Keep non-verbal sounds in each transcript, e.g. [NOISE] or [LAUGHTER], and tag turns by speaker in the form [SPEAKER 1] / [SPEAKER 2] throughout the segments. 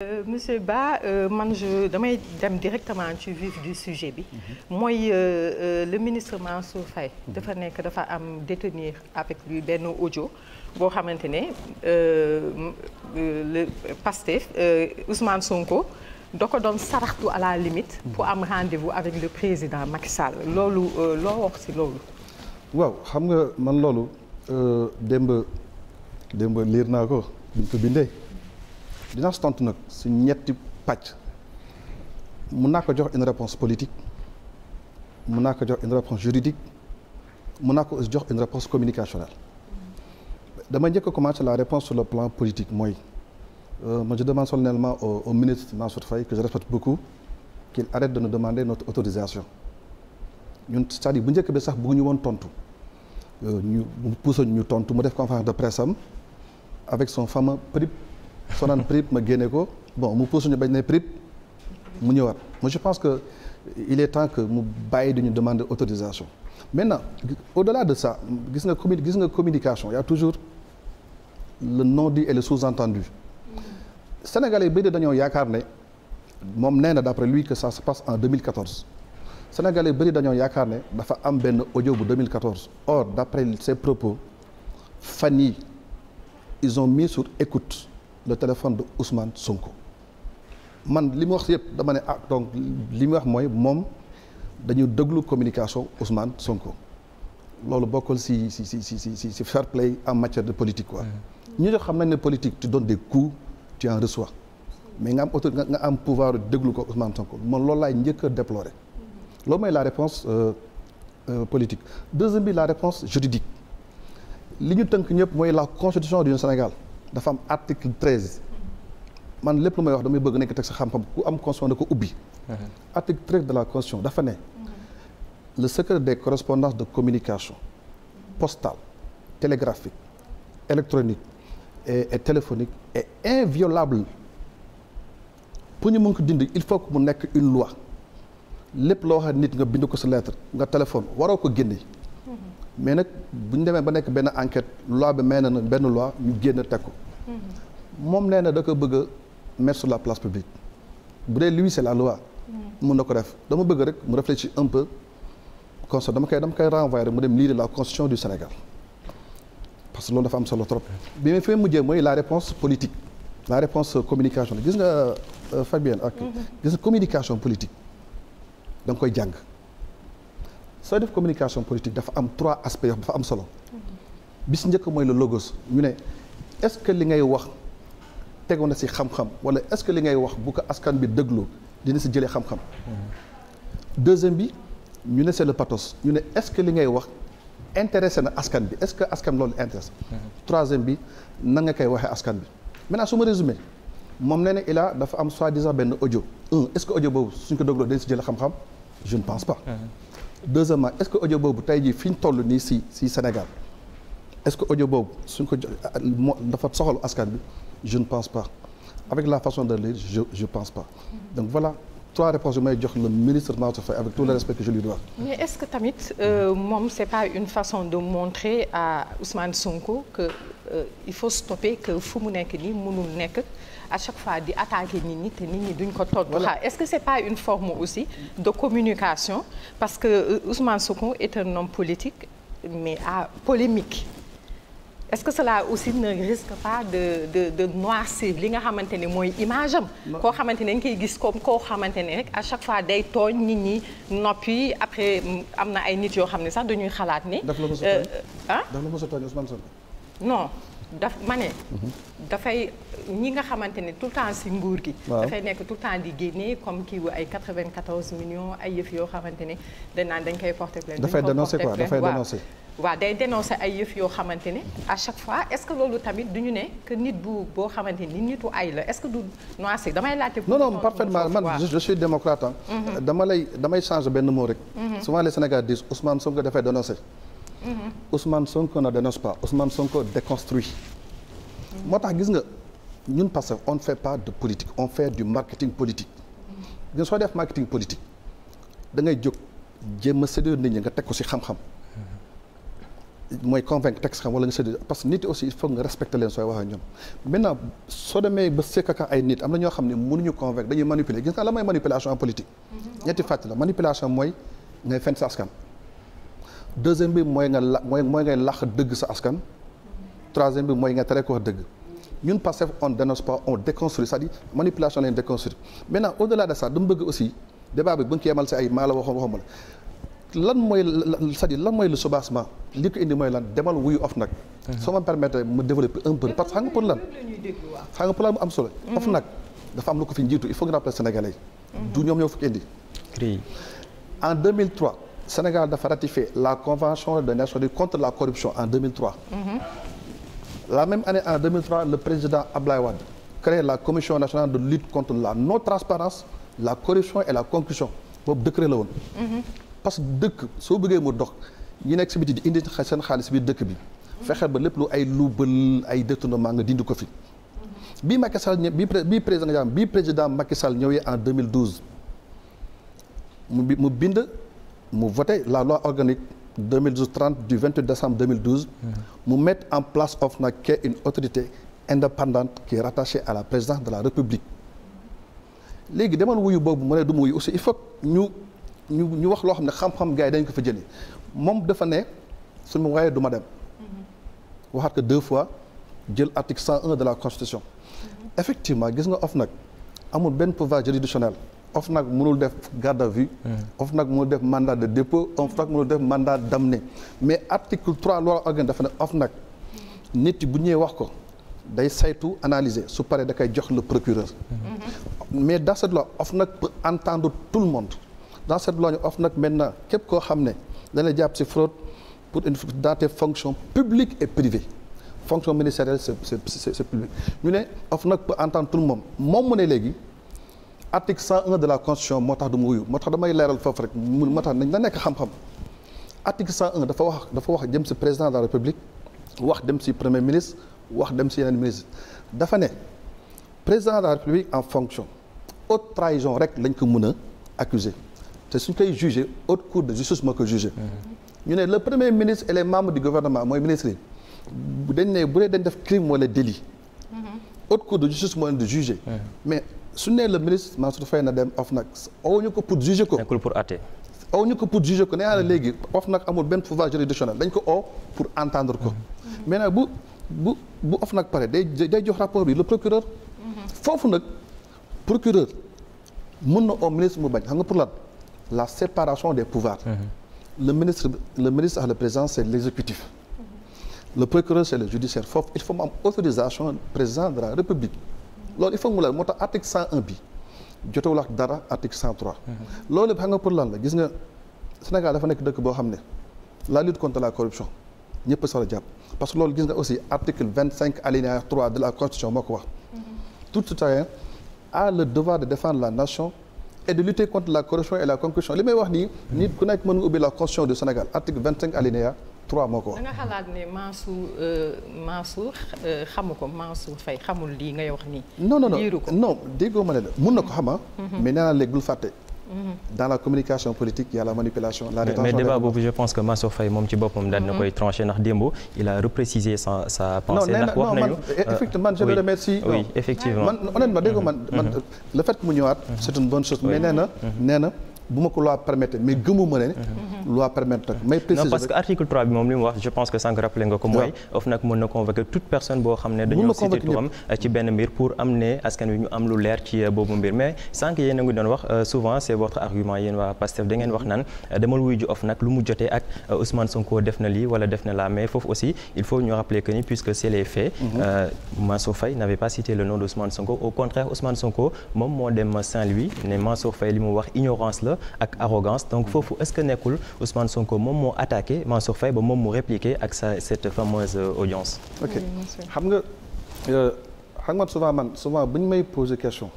[SPEAKER 1] Euh, monsieur Ba euh, man je damay dem directement ci vif du sujet bi. Mhm. mooy euh, euh, le ministre Mansour Faye. Mhm. dafa nekk dafa am détenir avec lui benn audio boo xamante ne euh, le Pastef Ousmane Sonko da ko doon saraxtu à la limite. Mhm. pour am rendez-vous avec le président Macky Sall loolu loo wax ci loolu.
[SPEAKER 2] waaw xam nga man loolu démb démb liir naa ko buñ ko bindee. dina si tontu nag si ñetti pàcc mun naa ko jox une réponse politique mun naa ko jox une réponse juridique mun naa ko jox une réponse communicationnelle dama njëkk a commencer la réponse sur le plan politique mooy euh, moi je demande solennellement au, au ministre Mansour Faye que je respecte beaucoup qu'il arrête de nous demander notre autorisation ñun bu njëkk bi sax bëgguñu woon tontu euh, ñu pousse ñu tontu mu def conférence de presse am avec son fameux sonaan prip ma génne ko bon mu pousse ñu bañ ne prip mu ñëwaat moo je pense que il est temps que mu bàyyi di ñu demander autorisation maintenant au-delà de ça gis nga commu gis nga communication y toujours le non di et le sous-entendu sénégalais yi bëri dañoo yaakaar ne moom nee na d'après lui que ça se passe en 2014 sénégalais yi bëri dañoo yaakaar ne dafa am benn audio bu 2014 or d'après ses propos fan yi ils ont mis sur écoute le téléphone de Ousmane Sonko man li mu wax si yëpp dama ne ah donc li mu wax mooy moom dañu déglu communication Ousmane Sonko loolu bokkul si si si si si si fair play en matière de politique quoi. Mm-hmm. ñu jox xam nañ ne politique tu donnes des coups tu en reçois mais nga am auto nga am pouvoir déglu ko Ousmane Sonko man loolu laay njëkk a déplorer. Mm-hmm. loolu mooy la réponse euh, euh, politique deuxième bi la réponse juridique li ñu tënk ñëpp mooy la constitution du Sénégal. dafa am article treize man lépp lu may wax damay bëgg nekk teg sa xam-xam ku am constitution da ko ubbi uh-huh. article treize de la constitution dafa ne uh-huh. le secret des correspondances de communication postale télégraphique électronique et, et téléphonique est inviolable pour ñu mën ko dindi il faut que mu nekk une loi lépp loo xam nit nga bind ko sa lettre nga téléphone waroo ko génne mais nag bu ñu demee ba nekk benn enquête loi bi may na benn loi ñu génn teg ko moom nee na da ko bëgg a sur la place publique bu dee lui c'est la loi mun na ko def dama bëgg rek mu réfléchir un peu constat dama koy dama koy renvoyer mu dem lire la constitution du Sénégal parce que loolu dafa am solo trop bi mu fi mujjee mooy la réponse politique la réponse communication gis nga euh, Fabienne ak mm-hmm. gis nga communication politique da koy jàng sooy def communication politique dafa am trois aspects dafa am solo bi si njëkk mooy la logos ñu ne est-ce que li ngay wax tegoon na si xam-xam wala est-ce que li ngay wax bu ko askan bi déglu dina si jëlee xam-xam deuxième bi ñu ne c'est le pathos ñu ne est-ce que li ngay wax intéressé na askan bi est-ce que askan loolu intéresse troisième bi nan nga koy waxee askan bi maintenant su ma résumé moom nee ne il dafa am soi-disant benn ojo un est-ce que boobu suñ ko dégloo dañ si jëlee xam-xam je pense pas uh-huh. deuxièmement est-ce que audio boobu tey jii fi ñu toll nii si si Sénégal est-ce que audio boobu suñ ko ah, dafa soxal askan bi je ne pense pas avec la façon de lire je je pense pas donc voilà trois réponses yu may jox le ministre Mansour Faye avec tout le respect que je lui dois.
[SPEAKER 1] mais est-ce que tamit euh, moom c'est pas une façon de montrer à Ousmane Sonko que euh, il faut stopper que fu mu nekk nii mënul nekk. à chaque fois di attaquer nit ñi te nit ñi duñ ko tontu. voilà est-ce que c'est pas une forme aussi de communication parce que euh, Ousmane Sonko est un homme politique mais à polémique. est-ce que cela aussi ne risque pas de de de noircir li nga xamante ne mooy image am. koo xamante ne dañ koy gis comme koo xamante ne rek à chaque fois day tooñ nit ñi noppi après am na ay nit yoo xam ne sax dañuy xalaat ne. daf la mos a euh,
[SPEAKER 2] euh, la a tooñ Ousmane Sonko.
[SPEAKER 1] non. daf ma ne. dafay ñi nga xamante ne tout le temps si nguur gi. dafay nekk tout temps di génne comme kii wu ay 94 millions ay yëf yoo xamante ne dañ naan dañ koy porter plainte. dafay dénoncer ay yëf yoo xamante ne à chaque fois est-ce que loolu tamit du ñu ne que nit bu boo xamante ni nitu ay la est-ce que du noyé damay laajte.
[SPEAKER 2] non non parfaitement man je suis démocrate ah. dama lay damay changer benn mot rek.
[SPEAKER 1] Mhm.
[SPEAKER 3] souvent
[SPEAKER 2] les Sénégalais disent Ousmane Sonko dafay dénoncer. Mm-hmm. Ousmane na ne dénonce pas Ousmane Sonko déconstruit. Mm-hmm. moo tax gis nga ñun parce que on ne part de politique on fait du marketing politique. Mm-hmm. ñun soo def marketing politique da ngay jóg jéem a séddoo nit ñi nga teg ko si xam-xam. mooy convaincre teg ci xam wala nga séddoo parce que nit aussi il faut nga respecter leen sooy wax ak ñoom. maintenant soo demee ba sekkaka ay nit am na ñoo xam ne mënuñu convaincre dañuy manipuler gis nga la mooy manipulation en politique. mooy ngay fen sa askan. deuxième bi mooy nga la mooy mooy ngay làq dëgg sa askan troisième bi mooy nga tere ko wax dëgg ñun Pastef on dénonce pas on déconstruit cest manipulation lañ déconstruit maintenant au delà de ça dama bëgg aussi débat bi bu ñu ko yemal si ay maa la la lan mooy cest lan mooy le soubassement li ko indi mooy lan demal wuyu OFNAC uh-huh. soo ma permettre mu développer un peu parce que xam nga pour lan xam nga pour lan mu am solo uh-huh. OFNAC dafa am lu ko fi Sénégal dafa ratifié la convention des Nations contre la corruption en 2003. Mm -hmm. la même année en 2003 le président Ablaye Wade crée la commission nationale de lutte contre la non transparence la corruption et la concussion boobu décret la woon. Mm-hmm. parce que dëkk soo bëggee mu dox ñi nekk si di indi seen xaalis biir dëkk bi. Mm-hmm. fexe ba lépp lu ay luubal ay détournement nga dindi ko fi. Mm-hmm. bii Macky Sall ñëw bii président bii président Macky Sall ñëwee en 2012 mu bind. mu voté la loi organique 2012-30 du 28 décembre 2012. mu mmh. mettre en place OFNAC qui est une autorité indépendante qui est à la président de la République. léegi demal wuyu boobu mu ne du ma wuyu aussi il faut ñu ñu ñu wax loo xam ne xam-xam gars dañ ko fa jëlee moom dafa ne su ma waaye du ma dem. waxaat ko deux fois jël article 101 de la constitution. Mm-hmm. effectivement gis nga nag amul benn pouvoir juridictionnel. OFNAC mënul def garde à vue. Hmm. OFNAC mënul def mandat de dépôt OFNAC mënul def mandat ne mais article 3 loi organique dafa ne OFNAC nit bu ñëwee wax ko day saytu analyser su paree da koy jox le procureur. Hmm. mais dans cette loi OFNAC peut entendre tout le monde dans cette loi OFNAC maintenant képp koo xam ne dana jàpp ci fraude pour une dans tes fonctions publiques et privées. fonction ministérielle c'est public ñu ne OFNAC peut entendre tout le monde moom mu ne léegi. article 101 de la constitution moo tax du ma wuyu moo tax damay leeral foofu rek mun moo tax nañ na nekk xam-xam article 101 dafa wax dafa wax jëm si président de la république wax dem si premier ministre wax dem si yeneen ministre dafa ne président de la république en fonction haute trahison rek lañ ko mun a accuser te suñ koy jugé haute cour de justice moo ko jugé ñu ne le premier ministre et les membres du gouvernement mooy ministre yi dañ ne bu dañ def crime wala délit mm-hmm. haute cour de justice moo leen di jugé mm-hmm. mais su nee le ministre Mansour Faye na dem OFNAC oo ñu ko pour juger ko. nekkul pour àtte. oo ñu ko pour juger ko nee naa la léegi OFNAC amul benn pouvoir juridictionnel dañ ko oo pour entendre ko. mais nag bu bu bu OFNAC pare day day jox rapport bi le procureur. foofu nag procureur mun na oo ministre mu bañ xam nga pour lan la séparation des pouvoirs. Mhm. le ministre le ministre à la présidence c'est l'exécutif. le procureur c'est le judiciaire foofu il faut mu am autorisation président de la république. loolu il faut mu leer moo tax article 101 bi jotewul ak dara article 103. loolu yëpp xam nga pour lan la gis nga Sénégal dafa nekk dëkk boo xam ne la lutte contre la corruption ñëpp soxla jàpp parce que loolu gis nga aussi article 25 alinéa 3 de la constitution moo ko wax. tout citoyen a le devoir de défendre la nation. et de lutter contre la corruption et la concussion li may wax nii. nit ku nekk mën nga ubbi la constitution du Sénégal article alinéa trois moo ko wax.
[SPEAKER 1] da nga xalaat ne Mansour euh, Mansour euh, xamu ko Mansour Faye xamul lii ngay wax nii.
[SPEAKER 2] non non non non déggoo ma ne la mun na ko xama mhm. mais nee naa léegi fàtte. Mhm. dans la communication politique il a la manipulation. la détention mais débat
[SPEAKER 4] boobu je pense que Mansour Faye moom ci boppam daal na mhm. koy tranché ndax démb il a reprécisé sa pensée. ndax wax nañu
[SPEAKER 2] euh, bu ma ko loi permettre mais gëmuma ne. Mhm. loi permettre may parce que
[SPEAKER 4] article 3 bi moom li mu wax je pense que sànq rappelé nga ko mooy. of nag mën na convoquer toute personne boo xam ne. dañoo cité turam ci benn mbir pour am ne askan wi ñu am lu leer ci euh, boobu mbir mais sànq yéen a ngi doon wax euh, souvent c' est votre argument yéen waa Pastef da wax naan euh, demal wuy ju of nag lu mu jotee ak Ousmane Sonko def na lii wala def na laa mais foofu aussi il faut ñu rappeler que n' mhm. avait pas moo dem Saint-Louis ne li mu wax ignorance la. ak arrogance donc foofu est-ce que nekkul Ousmane Sonko moom moo attaque Mansour Faye ba moom mu répliqué ak cette fameuse euh, audience.
[SPEAKER 2] ok xam nga euh, xam nga souvent man souvent bu ñu may poser question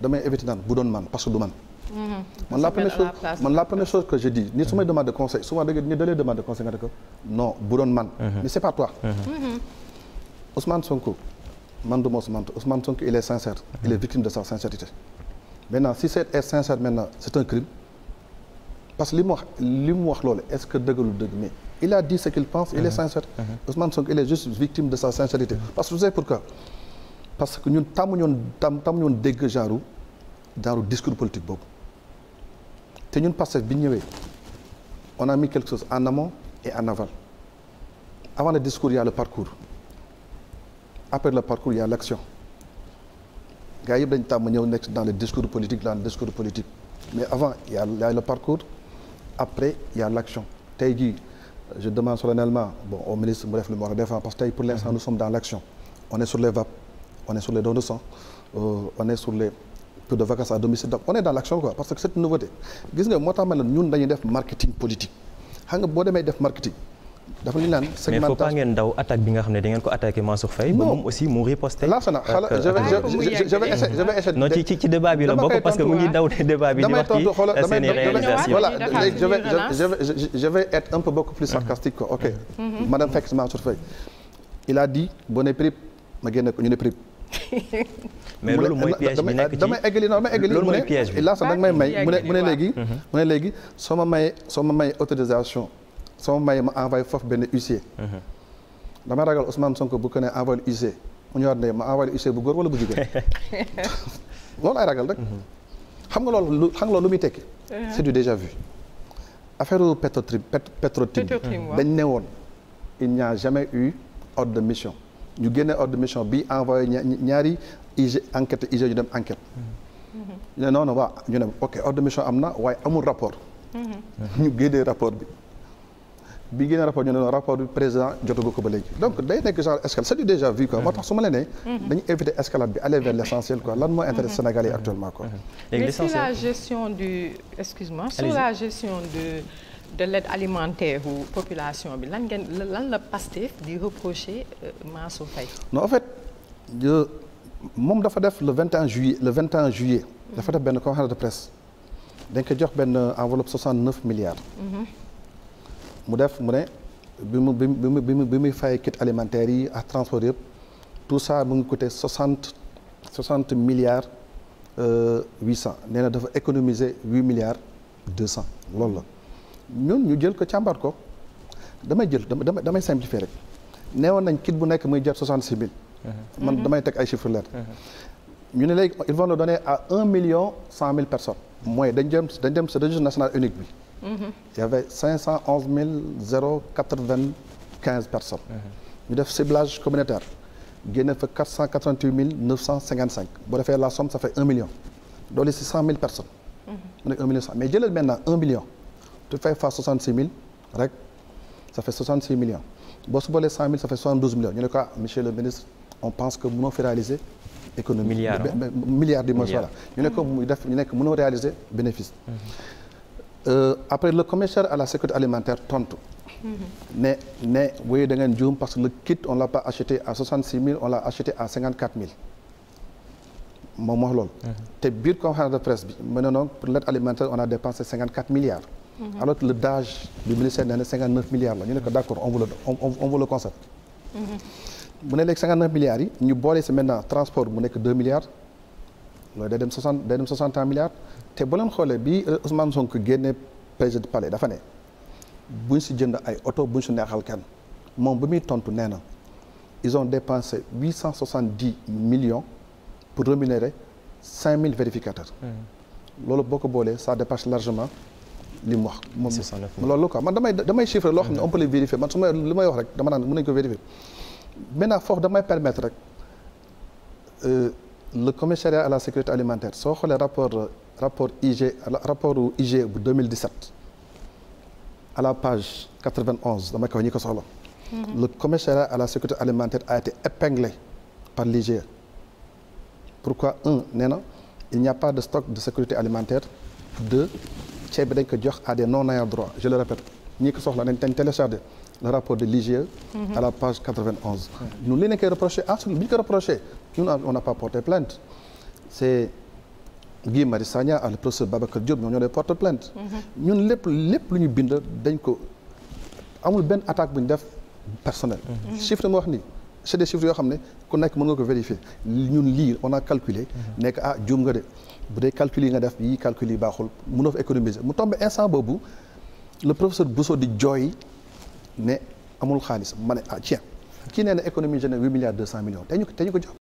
[SPEAKER 2] damay éviter naan bu doon man parce que du man.
[SPEAKER 3] Mhm. man la première chose man
[SPEAKER 2] la première chose que je dis ni su may mhm. demande conseil souvent da ni da lay demande conseil nga ne ko non bu doon man. Mhm. mais c'est pas toi. Ousmane Sonko man du ma Ousmane Ousmane Sonko il est sincère. il est victime maintenant si c'est est sincère maintenant c'est un crime parce que li mu wax li mu wax loolu est-ce que dëgg lu dëgg mais il a dit ce qu'il pense il est uh-huh. sincère uh-huh. Ousmane Sonko il est juste victime de sa sincérité uh-huh. parce que vous savez pourquoi parce que ñun tàmm ñoon tàmm tàmm ñoon dégg genre genre discours politique boobu te ñun Pastef bi ñëwee on a mis quelque chose en amont et en aval avant le discours il y a le parcours après le parcours y a l'action gars yëpp dañ tàmm ñëw nekk dans le discours politique dans le discours politique mais avant il y a, il y a le parcours après il a l'action tey jii je demande solennellement au ministre mu def lu mu war a parce que tey pour l'instant nous sommes dans l'action on sur les VAP on sur les dons de sang euh, sur les plus de vacances à domicile donc dans l'action quoi parce que c'est nouveauté gis nga moo tax ma ñun dañuy def marketing politique xam nga boo demee def marketing dafa li naan mais il faut
[SPEAKER 4] ngeen daw attaque bi nga xam ne da ngeen ko attaqué Mansour Faye. ba mu ngi daw débat bi. di wax ci seen i réalisations
[SPEAKER 2] mm-hmm. il a dit boo nee prip ma génne ko ñu ne prip.
[SPEAKER 1] [LAUGHS]
[SPEAKER 2] mais loolu mooy piège bi nekk soo ma mayee autorisation. sama may ma envoy foofu benn huissier. Mhm. dama ragal Ousmane Sonko bu ko nee envoyé huissier mu ñëwaat ne ma envoyé huissier bu góor wala bu jigéen
[SPEAKER 3] [LAUGHS]
[SPEAKER 2] loolu ay ragal rek. Mhm. xam nga loolu lu lu muy tekki. Mhm. c'est du déjà vu. affaire Petro-Tim petro ne woon il n'y a jamais eu ordre de mission ñu génne ordre de mission bi envoy ñaari IG enquête IG ñu dem enquête ne non non ñu ne ok ordre de mission am na waaye amul rapport ñu génnee rapport bi bi génne rapport ñu ne rapport du président jotagu ko ba léegi donc day nekk genre escalade c'est du déjà vu quoi moo tax su ma la nee mhm. dañu éviter escalade bi aller vers mhm. l'essentiel quoi lan moo mhm. intérêt Sénégal actuellement quoi mais sur la
[SPEAKER 1] gestion de l'aide alimentaire ou population bi lan ngeen lan la Pastef di reprocher euh, Mansour Faye
[SPEAKER 2] non moom dafa def le 21 juillet le 21 juillet dafa def benn conférence de presse dañ ko jox benn enveloppe 69 milliards mu def mu ne bi mu bi mu bi mu bi muy fay kit alimentaire yi ak transport yëpp tout ça mu ngi coûté soixante soixante milliards euh, huit cent nee na dafa économiser huit milliards deux cent loolu la ñun ñu jël ko càmbar ko damay jël damay damay simplifier rek neewoon nañ kit bu nekk muy jar soixante six mille.
[SPEAKER 3] Uh-huh. man uh-huh. damay
[SPEAKER 2] teg ay chiffres leer.
[SPEAKER 3] Uh-huh.
[SPEAKER 2] ñu ne léegi ils vont le donner à un million cent mille personnes. mooy dañ dem dañ dem sa registre national unique bi. Mm-hmm. y avait cinq cent onze mille zéro quatre-vingt-quinze personnes mm-hmm. ñu def ciblage communautaire génne fa quatre cent quatre-vingt-huit mille neuf cent cinquante-cinq boo defee la somme ça fait un mm-hmm. fa soixante-six mille rek soixante-six millions boo su boolee cent mille soixante-douze millions ñu ne ko ah, monsieur le ministre on pense que mënoo fi réaliser économie milliard di moins voilà ñu ne ko mu def ñu nekk mënoo réaliser bénéfice euh, après le commissaire à la sécurité alimentaire tontu.
[SPEAKER 3] Mm-hmm.
[SPEAKER 2] ne ne oui da ngeen parce que le kit on l'a pas acheté à 66 000 on l'a acheté à 54 000 moom wax loolu. Mm-hmm. te biir conférence de presse bi mu ne noonu pour l'aide alimentaire on a dépensé 54 milliards. Mm -hmm. alors que le DAGE na 59 milliards la ñu ne ko d'accord on vous le mm-hmm. mu ne léegi 59 milliards yi ñu boole si maintenant transport mu nekk 2 milliards. loolu day dem milliards te bu xoolee bi euh, Ousmane Sonko génnee président du palais dafa ne buñ si jënd ay oto buñ si neexal kenn moom bu muy tontu nee na ils ont dépensé huit cent soixante dix millions pour rémunérer cinq mille vérificateurs. Hmm. loolu boo ko boolee sa dépasse largement li mu wax. moom loolu quoi man damay damay chiffre loo xam ne on vérifier man su ma li may wax rek dama naan mën nañu ko vérifier. maintenant foofu damay permettre rek euh, le commissariat à la sécurité alimentaire soo xoolee rapport. rapport IG rapport IG bu à la page 91 damay ko ñi ko soxla. Mhm. le commissariat à la sécurité alimentaire a été épinglé par l'IGE. pourquoi un il n'y a pas de stock de sécurité alimentaire deux ceeb bi dañ des non ayants droit je le répète ñi soxla nañ dañ télécharger le rapport de l'IGE mhm. à la page 91. ñun li ñu koy reproché ah bi ñu ko reproché ñun on n'a pas porté plainte Guy Marius Sagna ak le professeur Babacar Diop ñoom ñoo dee porte plainte ñun lépp lépp lu ñu bind dañ ko amul benn attaque bu ñu def personnel chiffre moo wax ni c'est des chiffres yoo xam ne ku nekk mën nga ko vérifier ñun lii on a calculé nekk ah juum nga de bu dee calcul yi nga def yii calcul yi baaxul mënoo fa économiser mu tombé instant boobu le professeur Bousso di jooy ne amul xaalis ma ne ah tiens kii nee na économie génère huit milliards deux cent